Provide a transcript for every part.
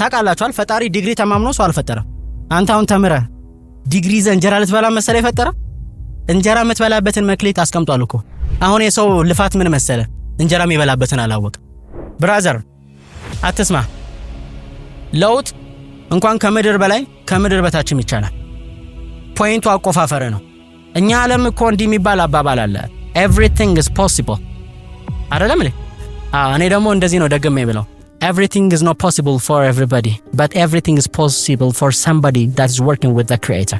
ታውቃላችኋል። ፈጣሪ ዲግሪ ተማምኖ ሰው አልፈጠረም። አንተ አሁን ተምረ ዲግሪ ይዘህ እንጀራ ልትበላ መሰለ የፈጠረ እንጀራ የምትበላበትን መክሌት አስቀምጧል እኮ። አሁን የሰው ልፋት ምን መሰለ እንጀራ የሚበላበትን አላወቅም። ብራዘር አትስማ። ለውጥ እንኳን ከምድር በላይ ከምድር በታችም ይቻላል። ፖይንቱ አቆፋፈር ነው። እኛ ዓለም እኮ እንዲህ የሚባል አባባል አለ፣ ኤቭሪቲንግ ኢዝ ፖሲብል አይደለም? እኔ ደግሞ እንደዚህ ነው ደግሜ ብለው Everything is not possible for everybody, but everything is possible for somebody that is working with the creator.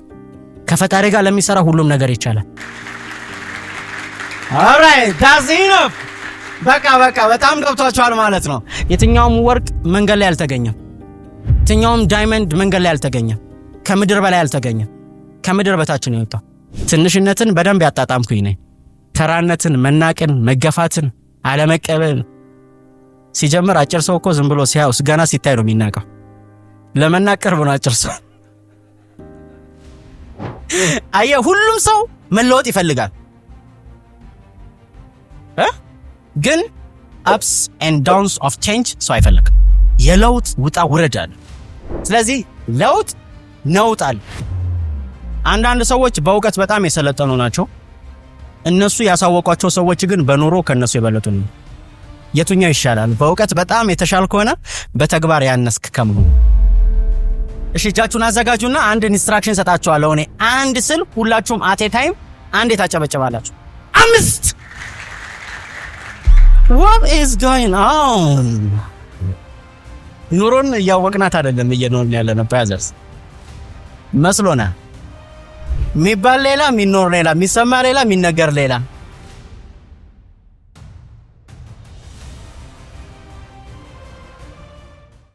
ከፈጣሪ ጋር ለሚሰራ ሁሉም ነገር ይቻላል። ኦራይት ዳስ ኢነፍ። በቃ በቃ በጣም ገብቷቸዋል ማለት ነው። የትኛውም ወርቅ መንገድ ላይ አልተገኘም። የትኛውም ዳይመንድ መንገድ ላይ አልተገኘም። ከምድር በላይ አልተገኘም። ከምድር በታችን የወጣው ትንሽነትን በደንብ ያጣጣምኩኝ ነኝ። ተራነትን፣ መናቅን፣ መገፋትን፣ አለመቀበል ሲጀምር አጭር ሰው እኮ ዝም ብሎ ሲያውስ ገና ሲታይ ነው የሚናቀው። ለመናቅ ቅርብ ነው አጭር ሰው። አየህ፣ ሁሉም ሰው መለወጥ ይፈልጋል፣ ግን አፕስ ኤንድ ዳውንስ ኦፍ ቼንጅ ሰው አይፈልግም። የለውጥ ውጣ ውረድ አለ። ስለዚህ ለውጥ ነውጥ አለ። አንዳንድ ሰዎች በእውቀት በጣም የሰለጠኑ ናቸው። እነሱ ያሳወቋቸው ሰዎች ግን በኑሮ ከእነሱ የበለጡ ነው። የቱኛው ይሻላል? በእውቀት በጣም የተሻል ከሆነ በተግባር ያነስክ ከመሆኑ። እሺ እጃችሁን አዘጋጁና አንድ ኢንስትራክሽን ሰጣችኋለሁ። እኔ አንድ ስል ሁላችሁም አቴ ታይም አንድ የታጨበጭባላችሁ። አምስት what is going on ኑሮን እያወቅናት አይደለም እየኖርን ያለነው ያዘርስ መስሎና የሚባል ሌላ የሚኖር ሌላ የሚሰማ ሌላ የሚነገር ሌላ